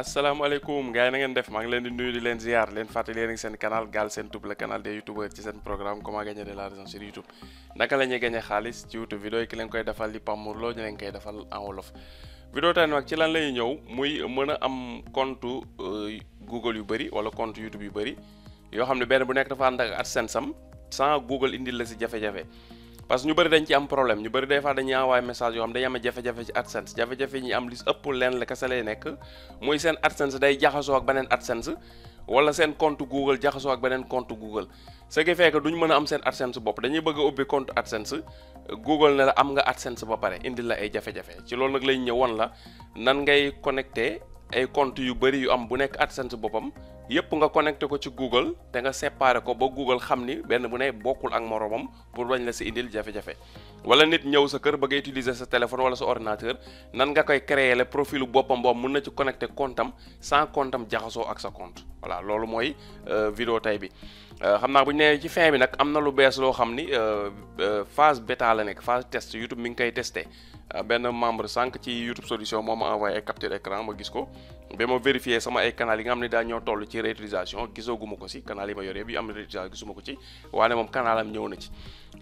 asalaamaaleykum gars yi na ngeen def maa ngi leen di nuyu di leen ziar leen fàttali leen seen canal Galsen Tube la canal des youtubeurs ci seen programme comment gagner de l'argent sur YouTube naka la ñuy gagner xaalis ci YouTube vidéo yi ki leen koy defal di Pape Mor leen koy defal en wolof. vidéo tey nag ci lan lay ñëw muy mën a am compte euh, Google yu bëri wala compte YouTube yu bëri yoo xam ne benn bu nekk dafa ànd at AdSense am sans Google indil la si jafe-jafe. parce que ñu bëri dañ ci am problème ñu bëri des fois dañuy envoyé message yoo xam dañuy am jafe-jafe ci AdSense jafe-jafe ñi am ëpp leen la kese lay nekk mooy seen AdSense day jaxasoo ak beneen AdSense wala seen compte Google jaxasoo ak beneen compte Google ce qui fait que mën a am seen AdSense bopp dañuy bëgg a ubbi compte AdSense Google ne la am nga AdSense ba pare indil la ay jafe-jafe ci loolu nag lañ ñëw woon la nan ngay connecté ay compte yu bëri yu am bu nekk AdSense boppam yépp nga connecté ko ci Google te nga séparé ko ba Google xam ni benn bu ne bokkul ak moroomam pour bañ la si indil jafe-jafe wala nit ñëw sa kër bëgg a utiliser sa téléphone wala sa ordinateur nan nga koy créer le profilu boppam boobu mun na ci connecté comptam sans comptam jaxasoo ak sa compte voilà loolu mooy euh, vidéo tey bi euh, xam naa bu ñu nee ci fin bi nag am na lu bees loo xam ni euh, phase bêta la nekk phase test YouTube mi ngi koy testé Euh, benn membre sànq ci YouTube solution moo ma envoyé ay capture écran ma gis ko ba ma vérifié sama ay canal yi nga xam ne daa ñoo toll ci réutilisation gisaguma ko si canal ma yore bi am réutilisation ko ci waaye moom canalam ñëw na ci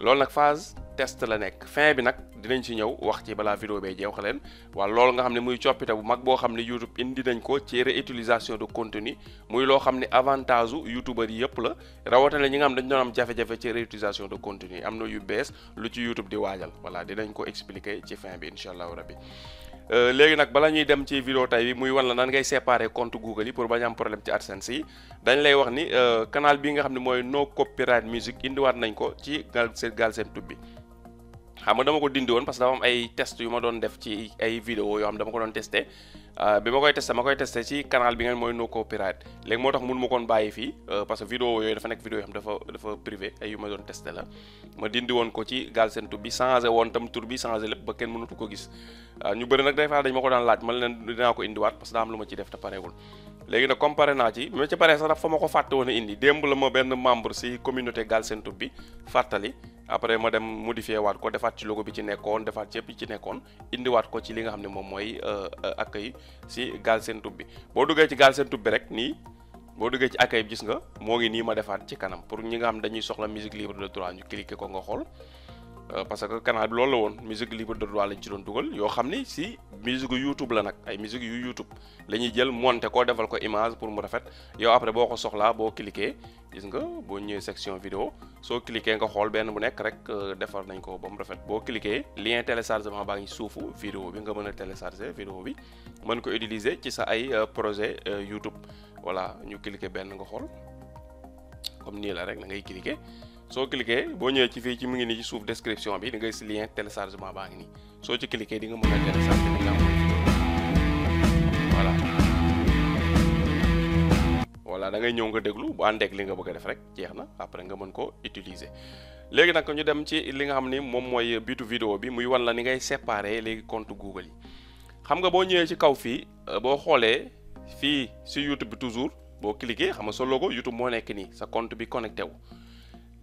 loolu nag phase test la nekk fin bi nag dinañ si ñëw wax ci balaa vidéo bee jeex leen waa loolu nga xam ne muy coppite bu mag boo xam ne YouTube indi nañ ko ci réutilisation de contenu muy loo xam ne avantage u youtubeur yi yëpp la rawatina ñi nga xam dañ doon am jafe-jafe ci réutilisation de contenu am na yu bees lu ci YouTube di waajal voilà dinañ ko expliquer ci fin 2021 bi incha allahu rabbi euh, léegi nag bala ñuy dem ci vidéo tay bi muy wan la nan ngay séparer compte Google yi pour bañ am problème ci AdSense yi dañ lay wax ni kanaal euh, bi nga xam ne mooy no copyright music indiwaat nañ ko ci Galsen Tube bi xam nga dama ko dindi woon parce que dafa am ay test yu ma doon def ci ay vidéo yoo xam dama ko doon testé Euh, bi ma koy testé ma koy testé ci canal bi ngeen mooy no copyright léegi moo tax mun ma koon bàyyi fii euh, parce que vidéo yooyu dafa nekk vidéo yoo xam dafa dafa privé ay yu ma doon testé la ma dindi woon ko ci Galsen Tube bi changé woon tam tur bi changé lépp ba kenn mënatu ko gis euh, ñu bëri nag day dañ ma ko daan laaj man leen dinaa ko indiwaat parce daa am lu ma ci def te pareegul léegi nag comme comparé naa ci ma ci paree sax dafa ma ko fàtte woon indi démb la ma benn membre si communauté Galsen Tube bi fàttali après ma dem modifié waat ko defaat ci logo bi ci nekkoon defaat ci yëpp ci nekkoon indiwaat ko ci li nga xam ne moom mooy euh, euh, accueil si Galsen Tube bi boo duggee ci Galsen Tube bi rek nii boo duggee ci accueil gis nga moo ngi nii ma defaat ci kanam pour ñi nga xam dañuy soxla musique libre de droit ñu cliquer ko nga xool Euh, parce que canal bi loolu la woon musique libre de droit lañ ci doon dugal yoo xam ni si musique YouTube la nag ay musique yu YouTube la ñuy jël monté ko defal ko image pour mu rafet yow après boo ko soxlaa boo cliqué gis nga boo ñëwee section video soo cliqué nga xool benn bu nekk rek euh, defar nañ ko ba mu rafet boo cliqué lien téléchargement baa ngi suufu vidéo bi nga mën a télécharger vidéo bi mën ko utiliser ci sa ay euh, projet YouTube voilà ñu cliqué benn nga xool nii la rek da ngay cliqué. soo cliquer boo ñëwee ci fii ci mu ngi nii ci suuf description bi di ngay si lien téléchargement baa ngi nii soo ci cliquer di nga mën a télécharger li nga voilà da ngay ñëw nga déglu bu àndeek li nga bëgg a def rek jeex na après nga mën ko utiliser léegi nag ñu dem ci li nga xam ni moom mooy bitu vidéo bi muy wan la ni ngay séparer léegi compte Google yi xam nga boo ñëwee ci kaw fii euh, boo xoolee fii si YouTube bi toujours boo cliquer xam nga solo ko YouTube moo nekk nii sa compte bi connecté wu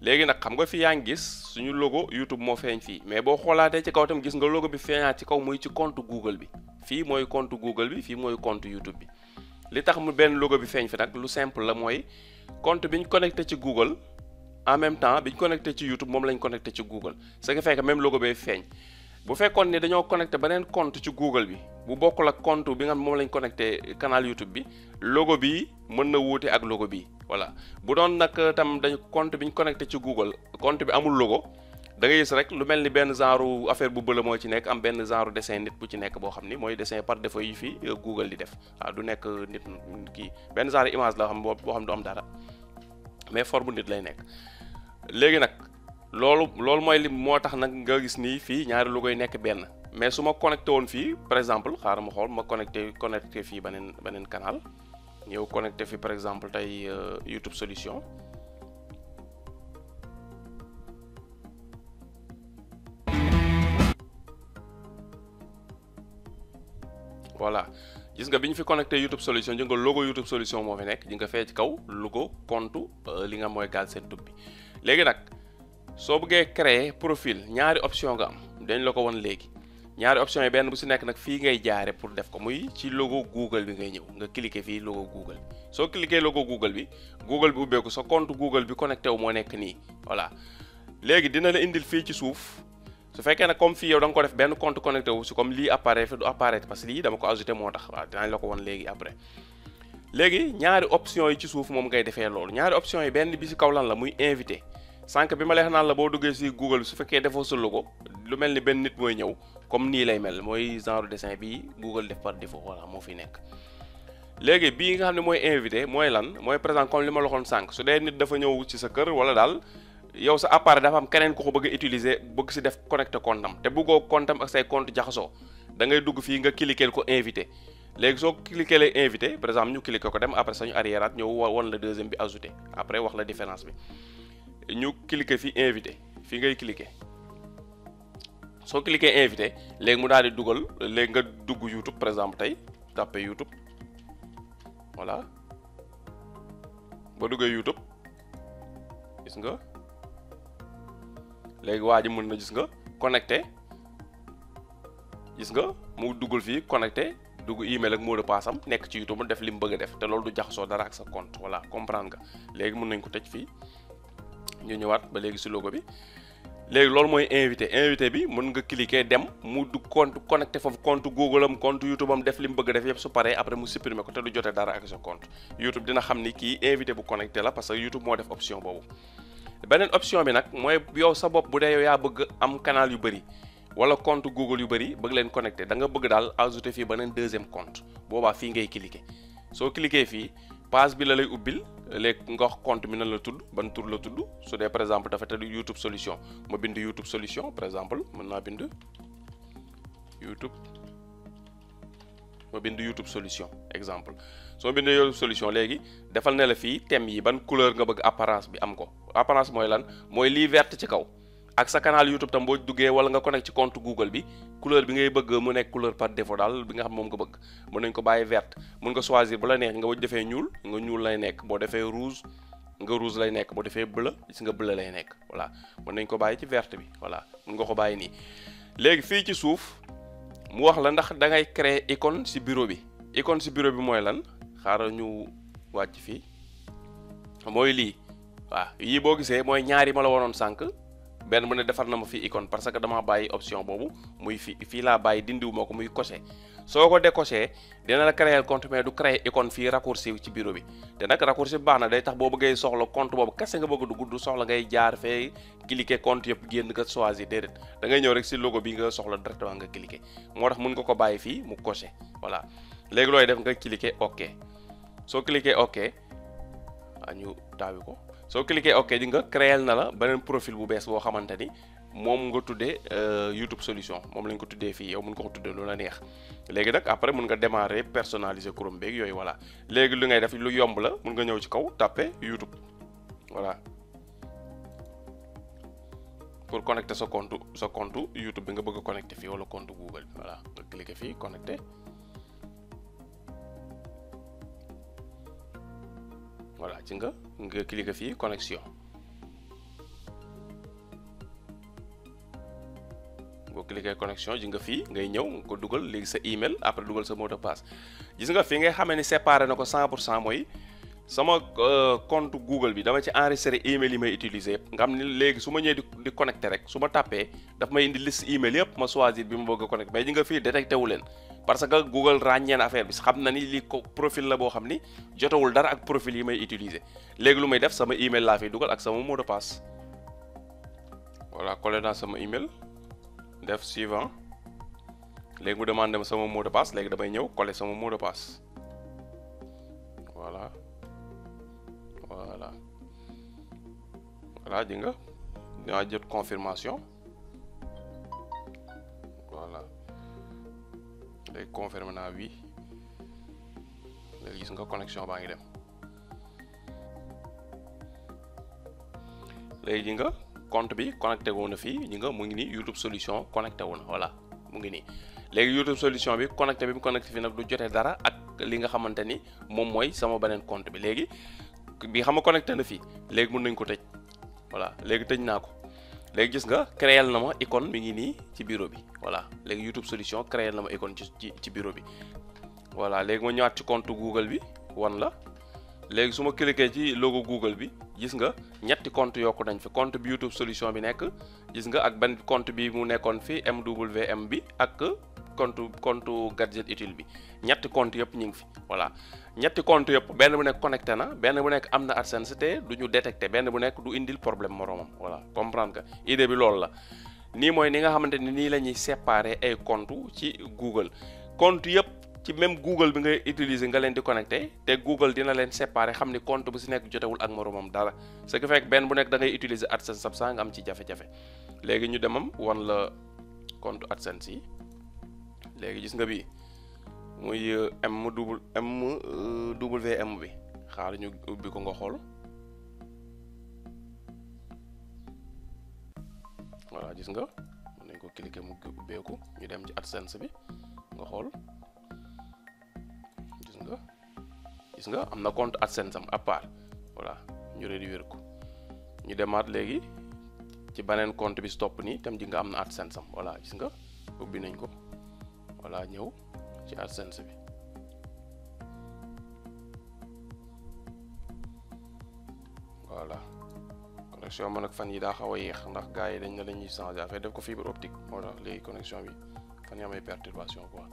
léegi nag xam nga fi yaa ngi gis suñu logo YouTube moo feeñ fii mais boo xoolaatee ci kaw tam gis nga logo bi feeñaat ci kaw muy ci compte Google bi fii mooy compte Google bi fii mooy compte YouTube bi li tax mu benn logo bi feeñ fi nag lu simple la mooy compte bi ñu connecté ci Google en même temps bi ñu connecté ci YouTube moom lañ connecté ci Google ce qui fait que même logo bee feeñ bu fekkoon ni dañoo connecté beneen compte ci Google bi bu bokkul ak compte bi nga moom lañ connecté canal YouTube bi logo bi mën na wuute ak logo bi voilà bu doon nag euh, tam dañu compte bi ñu connecté ci Google compte bi amul logo da ngay gis rek lu mel ni benn genre affaire bu bëla moo ci nekk am benn genre dessin nit bu ci nekk boo xam ni mooy dessin par défaut yi fii euh, Google di def waaw du nekk euh, nit kii benn genre image la xam boo xam du am dara mais forme nit lay nekk léegi nag loolu loolu mooy li moo tax nag nga gis nii fii ñaari logo yi nekk benn mais su ma connecté woon fii par exemple xaaral ma xool ma connecté connecté fii beneen beneen canal ñëw connecté fi par exemple tey euh, YouTube solution voilà gis nga bi ñu fi connecté YouTube solution ji nga logo YouTube solution moo fi nekk ji nga fee ci kaw logo compte euh, li nga mooy Galsen Tube bi léegi nag soo bëggee créer profil ñaari option nga am dañ la ko won léegi ñaari option yi benn bu si nekk nag fii ngay jaare pour def ko muy ci logo Google bi ngay ñëw nga cliquer fii logo Google soo cliquer logo Google bi Google bi ubbeeku sa compte Google bi connecté wu moo nekk nii voilà léegi dina la indil fii ci suuf su fekkee nag comme fii yow da ko def benn compte connecté wu si comme lii apparaît fi du apparaître parce que lii dama ko ajouté moo tax waaw dinaañ la ko won léegi après léegi ñaari option yi ci suuf moom ngay defee loolu ñaari option yi benn bi si kaw lan la muy invité sànq bi ma leex naan la boo duggee si Google su fekkee defoo sa ko lu mel ni benn nit mooy ñëw comme nii lay mel mooy genre dessin bi Google def par défaut voilà moo fi nekk. léegi bii nga xam ne mooy invité mooy lan mooy présent comme li ma loxoon sànq su dee nit dafa ñëw ci sa kër wala daal yow sa appare dafa am keneen ku ko bëgg a utiliser bëgg si def connecté comptam te buggoo comptam ak say compte jaxasoo dangay dugg fii nga cliquer ko invité léegi soo cliquer invité par exemple ñu cliquer ko dem après sañu arrière at ñëw won la deuxième bi ajouté après wax la différence bi. ñu cliquer fi invité fii ngay cliquer soo cliquer invité léegi mu daal di dugal léegi nga dugg YouTube par exemple tey tapé YouTube voilà ba duggee YouTube gis nga léegi waa ji mën na gis nga connecté gis nga mu dugal fii connecté dugg email ak mot de a am nekk ci YouTube mu def li mu bëgg a def te loolu du jaxasoo dara ak sa compte voilà comprendre nga léegi mun nañ ko tëj fii ñu ñëwaat ba léegi si logo bi léegi loolu mooy invité invité bi mën nga cliquer dem mu du compte connecté foofu compte Google am compte YouTube am def li mu bëgg def yëpp su paree après mu supprimer ko te du jotee dara ak sa compte YouTube dina xam ni kii invité bu connecté la parce que YouTube moo def option boobu. beneen option bi nag mooy yow sa bopp bu dee yaa bëgg am canal yu bëri wala compte Google yu bëri bëgg leen connecté da nga bëgg daal ajouter fii beneen deuxième compte boobaa fii ngay cliquer soo cliquer fii page bi la lay ubbil. léegi nga wax compte bi nan la tudd ban tur la tudd su dee par exemple dafa tëdd YouTube solution ma bind YouTube solution par exemple mën naa bind YouTube ma bind YouTube solution exemple su ma bindee YouTube solution léegi defal na la fii thème yi ban couleur nga bëgg apparence bi am ko apparence mooy lan mooy lii verte ci kaw ak sa canal YouTube tam boo duggee wala nga connect ci compte Google bi couleur bi ngay bëgg mu nekk couleur par défaut daal bi nga xam moom nga bëgg mën nañ ko bàyyi verte mun nga choisir bu la neex nga wëj defee ñuul nga ñuul lay nekk boo defee rouge nga rouge lay nekk boo defee bleu gis nga bleu lay nekk voilà mën nañ ko bàyyi ci verte bi voilà mun nga ko bàyyi nii léegi fii ci suuf mu wax la ndax da ngay créer icône si bureau bi icône si bureau bi mooy lan xaaral ñu wàcc fii mooy lii waaw yii boo gisee mooy ñaari ma la waroon sànq benn bu ne defar na ma fi icône parce que dama bàyyi option boobu muy fi fii laa bàyyi dindiwu ma ko muy coché soo ko décoché dina la créer compte mais du créer icône fii raccourci ci bureau bi te nag raccourci bi baax na day tax boo bëggee soxla compte boobu kese nga bëgg a dugg du soxla ngay jaar fee cliquer compte yëpp génn nga choisir déedéet da ngay ñëw rek si logo bi nga soxla directement nga cliquer moo tax mun nga ko bàyyi fii mu coché voilà léegi looy def nga cliquer ok soo cliquer ok ah ñu taawi ko. soo cliquer ok di nga créer na la beneen profil bu bees boo xamante ni moom nga tuddee euh, YouTube solution moom lañ ko tuddee fii yow mun ko ko tuddee lu la neex léegi nag après mun nga démarrer personnaliser Chrome beeg yooyu voilà léegi lu ngay def lu yomb la mun nga ñëw ci kaw taper YouTube voilà pour connecter sa compte sa compte YouTube bi nga bëgg a connecter fii wala compte Google bi voilà nga cliquer fii connecter. voilà ci nga nga cliquer fii connexion boo cliquer connexion ji nga fii ngay ñëw nga ko dugal léegi sa email après dugal sa mot de passe gis nga fii ngay xamee ni séparé na ko cent pour cent mooy. sama euh, compte Google bi dama ci enregistré email yi may utiliser yëpp nga xam ne léegi su ma ñëwee di di connecté rek su ma tàppee daf may indi liste email yëpp ma choisir bi ma bëgg a connecté mais ñi nga fii détecté wu leen parce que Google ràññee na affaire bi xam na ni li ko profil la boo xam ni jotawul dara ak profil yi may utiliser léegi lu may def sama email laa fiy dugal ak sama mot de passe voilà collé naa sama email def suivant léegi mu demandé sama mot de léegi damay ñëw collé sama mot de voilà voilà di nga dinaa jot confirmation voilà léegi confirmé naa oui léegi gis nga connexion baa ngi dem léegi di nga compte bi connecté wu na fii ñi nga mu ngi nii YouTube solution connecté wu na voilà mu ngi nii léegi YouTube solution bi connecté bi mu connecté fii nag du jotee dara ak li nga xamante ni moom mooy sama beneen compte bi léegi bi xam ma connecté na fii léegi mun nañ ko tëj voilà léegi tëj naa ko léegi gis nga créel na ma icône mi ngi nii ci bureau bi voilà léegi YouTube solution créel na ma icône ci ci bureau bi voilà léegi ma ñëwaat ci compte Google bi wan la léegi su ma cliqué ci logo Google bi gis nga ñetti compte yokku nañ fi compte bi YouTube solution bi nekk gis nga ak benn compte bi mu nekkoon fi MWM bi ak conte conte gadget utile bi ñetti compte yëpp ñu ngi fi voilà ñetti compte yëpp benn bu nekk connecté na benn bu nekk am na AdSense te du ñu détecté benn bu nekk du indil problème moroomam voilà comprendre que idée bi loolu la nii mooy ni nga xamante ni nii la ñuy séparer ay compte ci Google conte yëpp ci même Google bi ngay utiliser nga leen di connecté te Google dina leen séparer xam ni conte bu si nekk jotewul ak moroomam dara ce qui fait benn bu nekk da ngay utiliser AdSense sab saa am ci jafe léegi ñu demam wan la compte AdSense yi léegi gis nga bii muy euh, m double m euh, double m bi xaar ñu ubbi ko nga xool voilà gis nga mën nañ ko cliquer mu ubbeeku ñu dem ci AdSense bi nga xool gis nga gis nga am na compte AdSense am à part voilà ñu ko ñu demaat léegi ci beneen compte bi stop nii tam ji nga am na AdSense am voilà gis nga ubbi nañ ko voilà ñëw ci AdSense bi voilà connexion man ak fan yi daa xaw a yéex ndax gars yi dañ ne la ñuy changé affaire def ko fibre optique moo tax léegi connexion bi fan yi amay perturbation quoi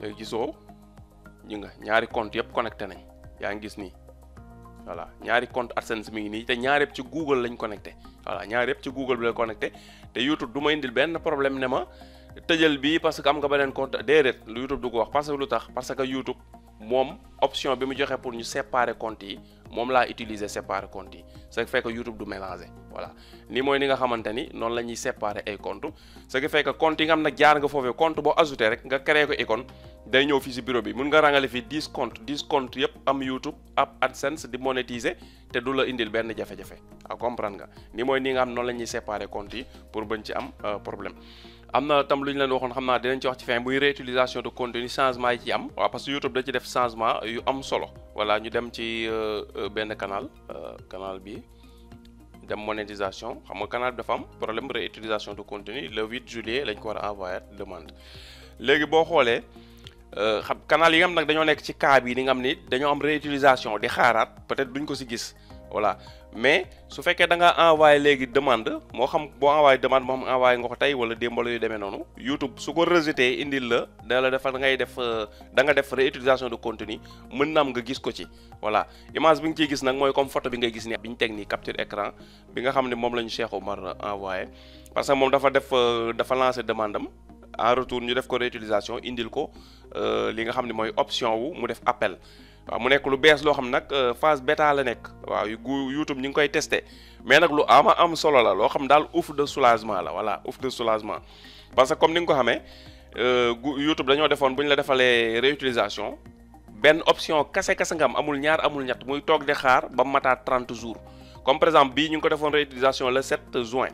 léegi gisoo ñu nga ñaari conte yëpp connecté nañ yaa ngi gis nii voilà ñaari compte AdSense mi ngi nii te ñaar yëpp ci Google lañ connecté voilà ñaar yëpp ci Google bi la connecté te YouTube du indil benn problème ne ma tëjal bii parce que am nga beneen compte déedéet lu YouTube du ko wax parce que lu tax parce que YouTube moom option bi mu joxe pour ñu séparer compte yi moom laa utiliser séparer compte yi ce qui fait que YouTube du ni mooy ni nga xamante ni noonu la ñuy séparer ay compte ce qui fait que compte nga foofee compte boo ajouté rek nga créé ko icône day ñëw fii si bureau bi mun nga rangale fii 10 compte 10 compte yépp am YouTube ab AdSense di monétiser te du la indil benn jafe-jafe a ah, comprendre nga ni mooy ni nga am noonu la ñuy séparer compte yi pour bañ ci am euh, problème am na tam lu ñu leen waxoon xam naa dinañ ci wax ci fin muy réutilisation de contenu changement yi ci am waaw parce YouTube da yu am solo voilà ñu dem ci euh, euh, benn canal euh, canal bi dem monétisation xam nga canal bi dafa am problème réutilisation de contenu le 8 juillet lañ ko war a demande léegi boo xoolee xam canal yi nga xam nag dañoo nekk ci cas yi ni nga xam ni dañoo am réutilisation di xaaraat peut-être duñ ko si gis voilà mais su fekkee da nga envoyé léegi demande moo xam boo envoyé demande moo xam envoyé nga ko tey wala démbala yu demee noonu YouTube su ko rejeté indil la da la defal ngay def euh, da nga def réutilisation de contenu mën na am nga gis ko ci voilà image bi nga ciy gis nag mooy comme photo bi ngay gis ni bi ñu teg nii capture écran bi nga xam ne moom la ñu mar Omar envoyé parce que moom dafa def euh, dafa lancé demande am en retour ñu def ko réutilisation indil ko euh, li nga xam ne mooy option wu mu def appel waaw mu nekk lu bees loo xam nag euh, phase bêta la nekk waaw yu YouTube ñu ngi koy testé mais nag lu ama am solo la loo xam daal ouf de soulagement la voilà ouf de soulagement parce que comme ni nga ko xamee euh, YouTube dañoo defoon bu ñu la defalee réutilisation benn option kase kase nga amul ñaar amul ñett muy toog di xaar ba mataat 30 jours comme par exemple bii ñu ngi ko defoon réutilisation le 7 juin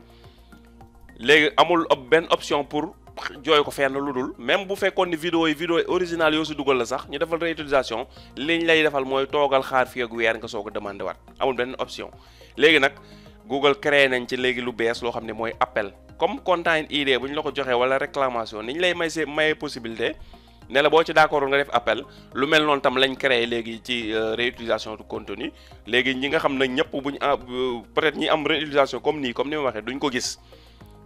léegi amul benn option pour jooy ko fenn lu dul même bu fekkoon ni vidéo yi vidéo original yoo si dugal la sax ñu defal réutilisation liñ lay defal mooy toogal xaar fii ak weer nga soog a demandé waat amul benn option léegi nag Google créer nañ ci léegi lu bees loo xam ne mooy appel comme content ID bu ñu la ko joxee wala réclamation ñu lay may see maye possibilité ne la boo ci d'accord nga def appel lu mel noonu tam lañ créé léegi ci euh, réutilisation de contenu léegi ñi nga xam ne ñëpp buñ ah, peut-être ñi am réutilisation comme nii comme ni ma waxee duñ ko gis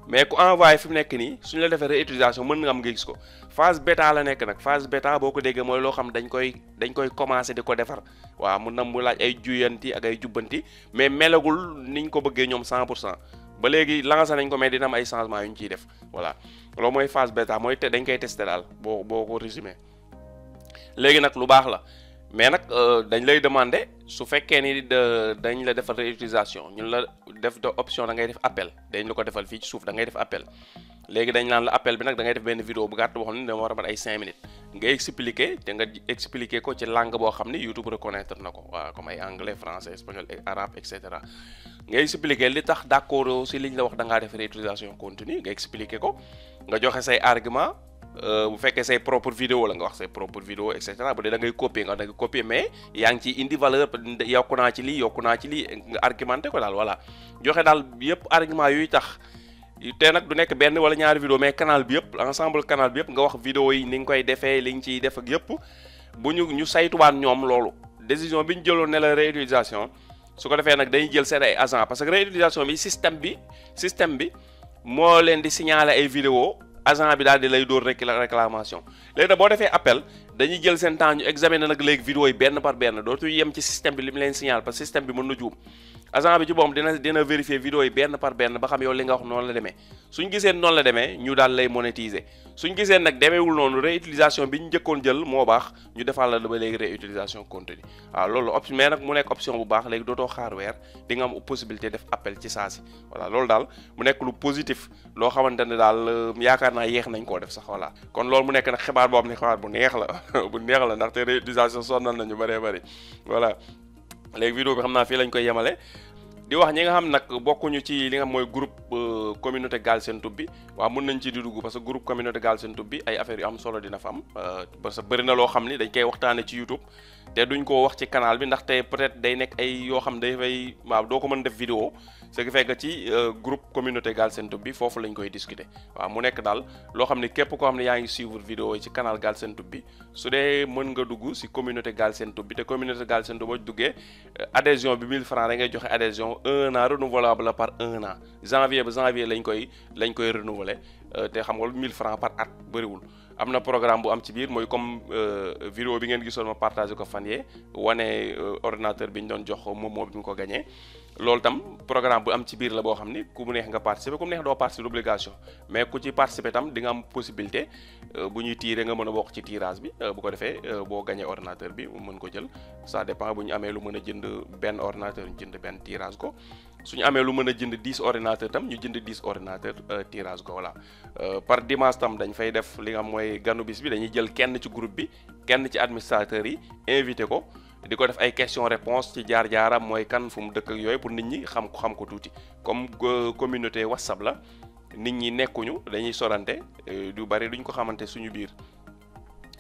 mais ku envoyé fi mu nekk nii suñu la defee réutilisation mën nga am nga gis ko phase bêta la nekk nag phase bêta boo ko déggee mooy loo xam dañ koy dañ koy commencé di ko defar waaw mun na mu laaj ay juyanti ak ay jubbanti mais melagul niñ ko bëggee ñoom cent pour cent ba léegi lancé nañ ko mais dina am ay changement yu ñu ciy def voilà loolu mooy phase bêta mooy te dañ koy testé daal boo boo ko résumé léegi nag lu baax la. mais nag euh, dañ lay demander su fekkee ni dañ la defal réutilisation ñun la def de option da ngay def appel dañ la ko defal fii ci suuf da ngay def appel léegi dañ naan la appel bi nag dangay ngay def benn vidéo bu gàtt boo xam ne dama war a mën ay 5 minutes nga expliquer te ko ci langue boo xam ne YouTube reconnaître na ko waaw comme ay anglais français espagnol arabe et cetera nga expliquer li tax d'accord si liñ la wax da ngaa def réutilisation continue nga expliquer ko nga joxe say argument Euh, bu fekkee say propre vidéo la nga wax say propre vidéo et cetera bu dee da ngay copier nga da ngay copier mais yaa ngi ciy indi valeur yokku naa ci lii yokku naa ci lii nga argumenté ko daal voilà joxe daal yëpp argument yuy tax te nag du nekk benn wala ñaari vidéo mais canal bi yëpp ensemble canal bi yëpp nga wax vidéo yi ni nga koy defee li nga ciy def ak yëpp bu ñu ñu saytuwaan ñoom loolu décision bi ñu jëloon ne la réutilisation su ko defee nag dañuy jël seen ay agent parce que réutilisation bi système bi système bi moo leen di signaler ay vidéo agent bi daal di lay dóor réclamation léegi boo defee appel dañuy jël seen temps ñu examiner nag léegi vidéo yi benn par benn dootuñu yem ci système bi li mu leen signal parce que système bi mën na juum agent bi ci boppam dina dina vérifier vidéo yi benn par benn ba xam yow li nga wax noonu la demee suñ gisee noonu la demee ñu daal lay monétiser suñ gisee nag demeewul noonu réutilisation bi ñu njëkkoon jël moo baax ñu defal la ba léegi réutilisation continue waaw loolu option mais nag mu nekk option bu baax léegi dootoo xaar weer di nga am possibilité def appel ci saa si voilà loolu daal mu nekk lu positif loo xamante ne daal euh, yaakaar naa yeex nañ koo def sax voilà kon loolu mu nekk nag xibaar boo xam ne bu neex la bu la ndaxte réutilisation sonnal nañu bëree bëri voilà léegi vidéo bi xam naa fii lañ koy yemale di wax ñi nga xam nag bokkuñu ci li nga xam mooy groupe euh, communauté Galsen Tube bi waaw mun nañ ci di dugg parce que groupe communauté Galsen Tube bi ay affaires yu am solo dina fa am euh, parce que bëri na loo xam ni dañ koy waxtaanee ci YouTube te duñ ko wax ci canal bi ndax tey peut-être day nekk ay yoo xam day fay waaw doo ko mën def vidéo ce qui fait que ci euh, groupe communauté Galsen Tube bi foofu lañ koy discuter waaw mu nekk daal loo xam ne képp koo xam ne yaa ngi suivre vidéo yi ci canal Galsen Tube bi su dee mën nga dugg si communauté Galsen Tube bi te communauté Galsen Tube boo duggee euh, adhésion bi 1000 francs da ngay joxe adhésion un an renouvelable par un an janvier ba janvier lañ koy lañ koy renouveler euh, te xam nga lu 1000 francs par at bëriwul am na programme bu am ci biir mooy comme vidéo bi ngeen gisoon ma partagé ko fan yee wane ordinateur bi ñu doon jox moom moo bi ko gañee loolu tam programme bu am ci biir la boo xam ni ku neex nga participer ku mu neex doo participer obligation mais ku ci participer tam di am possibilité euh, bu ñuy tiiree nga mën a bokk ci tiirage bi euh, bu ko defee euh, boo gañee ordinateur bi mën ko jël saa dépend bu ñu amee lu mën a jënd benn ordinateur ñu jënd benn tirage ko su ñu amee lu mën a jënd 10 ordinateur tam ñu jënd 10 ordinateur tirage ko voilà par dimanche tam dañ fay def li nga xam mooy ganu bi dañuy jël kenn ci groupe bi kenn ci administrateur yi invité ko di ko def ay question réponse ci jaar-jaaram mooy kan fu mu dëkk ak yooyu pour nit ñi xam ko xam ko tuuti comme euh, communauté whatsapp la nit ñi nekkuñu dañuy sorante euh, du bari duñ ko xamante suñu biir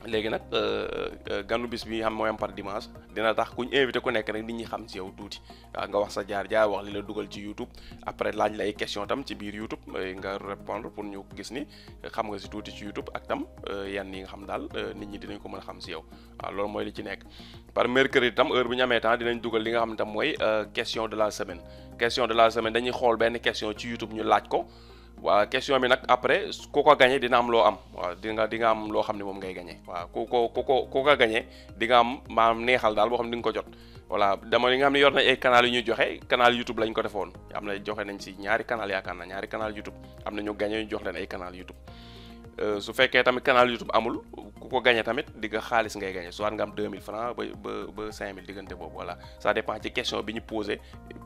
léegi nag euh, euh, ganu bis bi nga xam mooy am par dimanche dina tax ku ñu invité ku nekk rek nit ñi xam si yow tuuti waaw nga wax sa jaar jaar wax li la dugal ci YouTube après laaj la ay question tam ci biir YouTube euh, nga répondre pour ñu gis ni xam nga si tuuti ci YouTube ak tam yan yi nga xam daal nit ñi dinañ ko mën a xam si yow waaw loolu mooy li ci nekk par mercredi tam heure bu ñu amee temps dinañ dugal li nga xam tam mooy question de la semaine question de la semaine dañuy xool benn question ci ñu laaj ko waa question bi nag après ku ko gagné dina am loo am waaw di nga di nga am loo xam ne moom ngay gagné waa ko ko ku ko ku ko gagné di nga am maam neexal daal boo xam ne di nga ko jot voilà dama li nga xam ne yor nañ ay canal yu ñuy joxe canal YouTube lañ ko defoon am na joxe nañ si ñaari canal yaakaar na ñaari canal YouTube am na ñu gagné ñu jox leen ay canal YouTube Euh, su fekkee tamit canal YouTube amul ku ko gagné tamit di nga xaalis ngay gagné soit nga am 2000 francs ba ba ba 5000 diggante boobu voilà ça dépend ci question bi ñu posé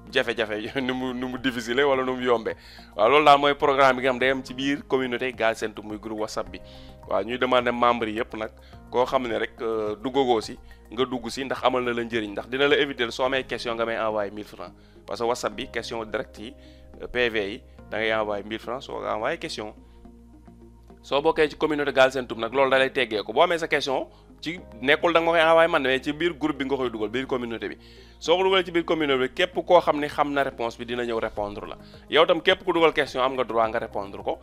jafe-jafe nu mu nu mu difficile wala nu mu yombee waaw loolu daal mooy programme bi nga xam day am ci biir communauté Galsen Tube muy groupe WhatsApp bi waaw ñuy demandé membre yi yëpp nag koo xam ne rek euh, duggagoo si nga dugg si ndax amal na la njëriñ ndax dina la éviter soo amee question nga may envoyé 1000 francs parce que WhatsApp bi question direct yi euh, question. soo bokkee ci communauté Galsen Tube nag loolu da lay teggee ko boo amee sa question ci nekkul da nga koy envoyé man mais ci biir groupe bi nga koy dugal biir communauté bi soo ko dugalee ci biir communauté bi képp koo xam ne xam na réponse bi dina ñëw répondre la yow tam képp ku dugal question am nga droit nga répondre ko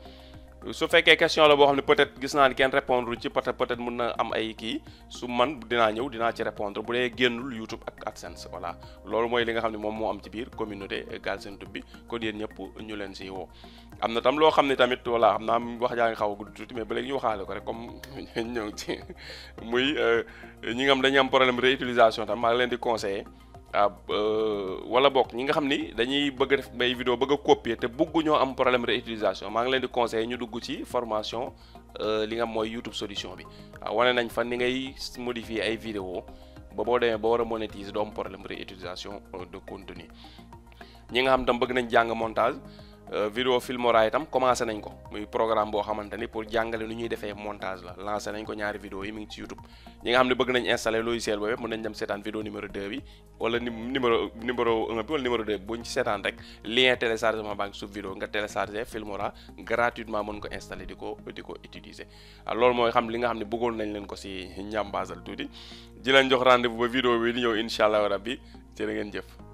su fekkee question la boo xam ne peut-être gis naa ne kenn répondre ci peut-être peut-être mun na am ay kii su man dinaa ñëw dinaa ci répondre bu dee génnul YouTube ak AdSense voilà loolu mooy li nga xam ne moom moo am ci biir communauté Galsen Tube bi kon yéen ñëpp ñu leen siy woo am na tam loo xam ne tamit voilà xam naa wax jaa nga xaw a gudd mais ba léegi ñu waxaale ko rek comme ñëw ci muy euh, ñi nga xam dañu am problème réutilisation tam maa ngi leen di conseiller Ah, wala bokk ñi nga xam ni dañuy bëgg a def ay vidéo bëgg a copier te bëgg am problème réutilisation maa ngi leen di conseiller ñu dugg ci formation euh, li nga mooy YouTube solution bi waaw ah, wane nañ fan ni ngay modifier ay vidéo ba boo demee ba war a monétiser doo am problème réutilisation euh, de contenu ñi nga xam tam bëgg nañ jàng montage Euh, vidéo filmora itam commencé nañ ko muy programme boo xamante ni pour jàngale nu ñuy defee montage la lancé nañ ko ñaari vidéo yi mu ngi ci YouTube ñi nga xam ne bëgg nañ installé logiciel boobu mën nañ dem seetaan vidéo numéro 2 bi wala numéro numéro 1 bi wala numéro 2 bi bu ñu ci seetaan rek lien téléchargement baa ngi suuf nga téléchargé filmora gratuitement mën ko installé di ko di ko utiliser loolu mooy xam li nga xam ne bëggoon nañ leen ko si njàmbaasal tuuti di leen jox rendez-vous ba vidéo bi di ñëw incha allah ngeen jëf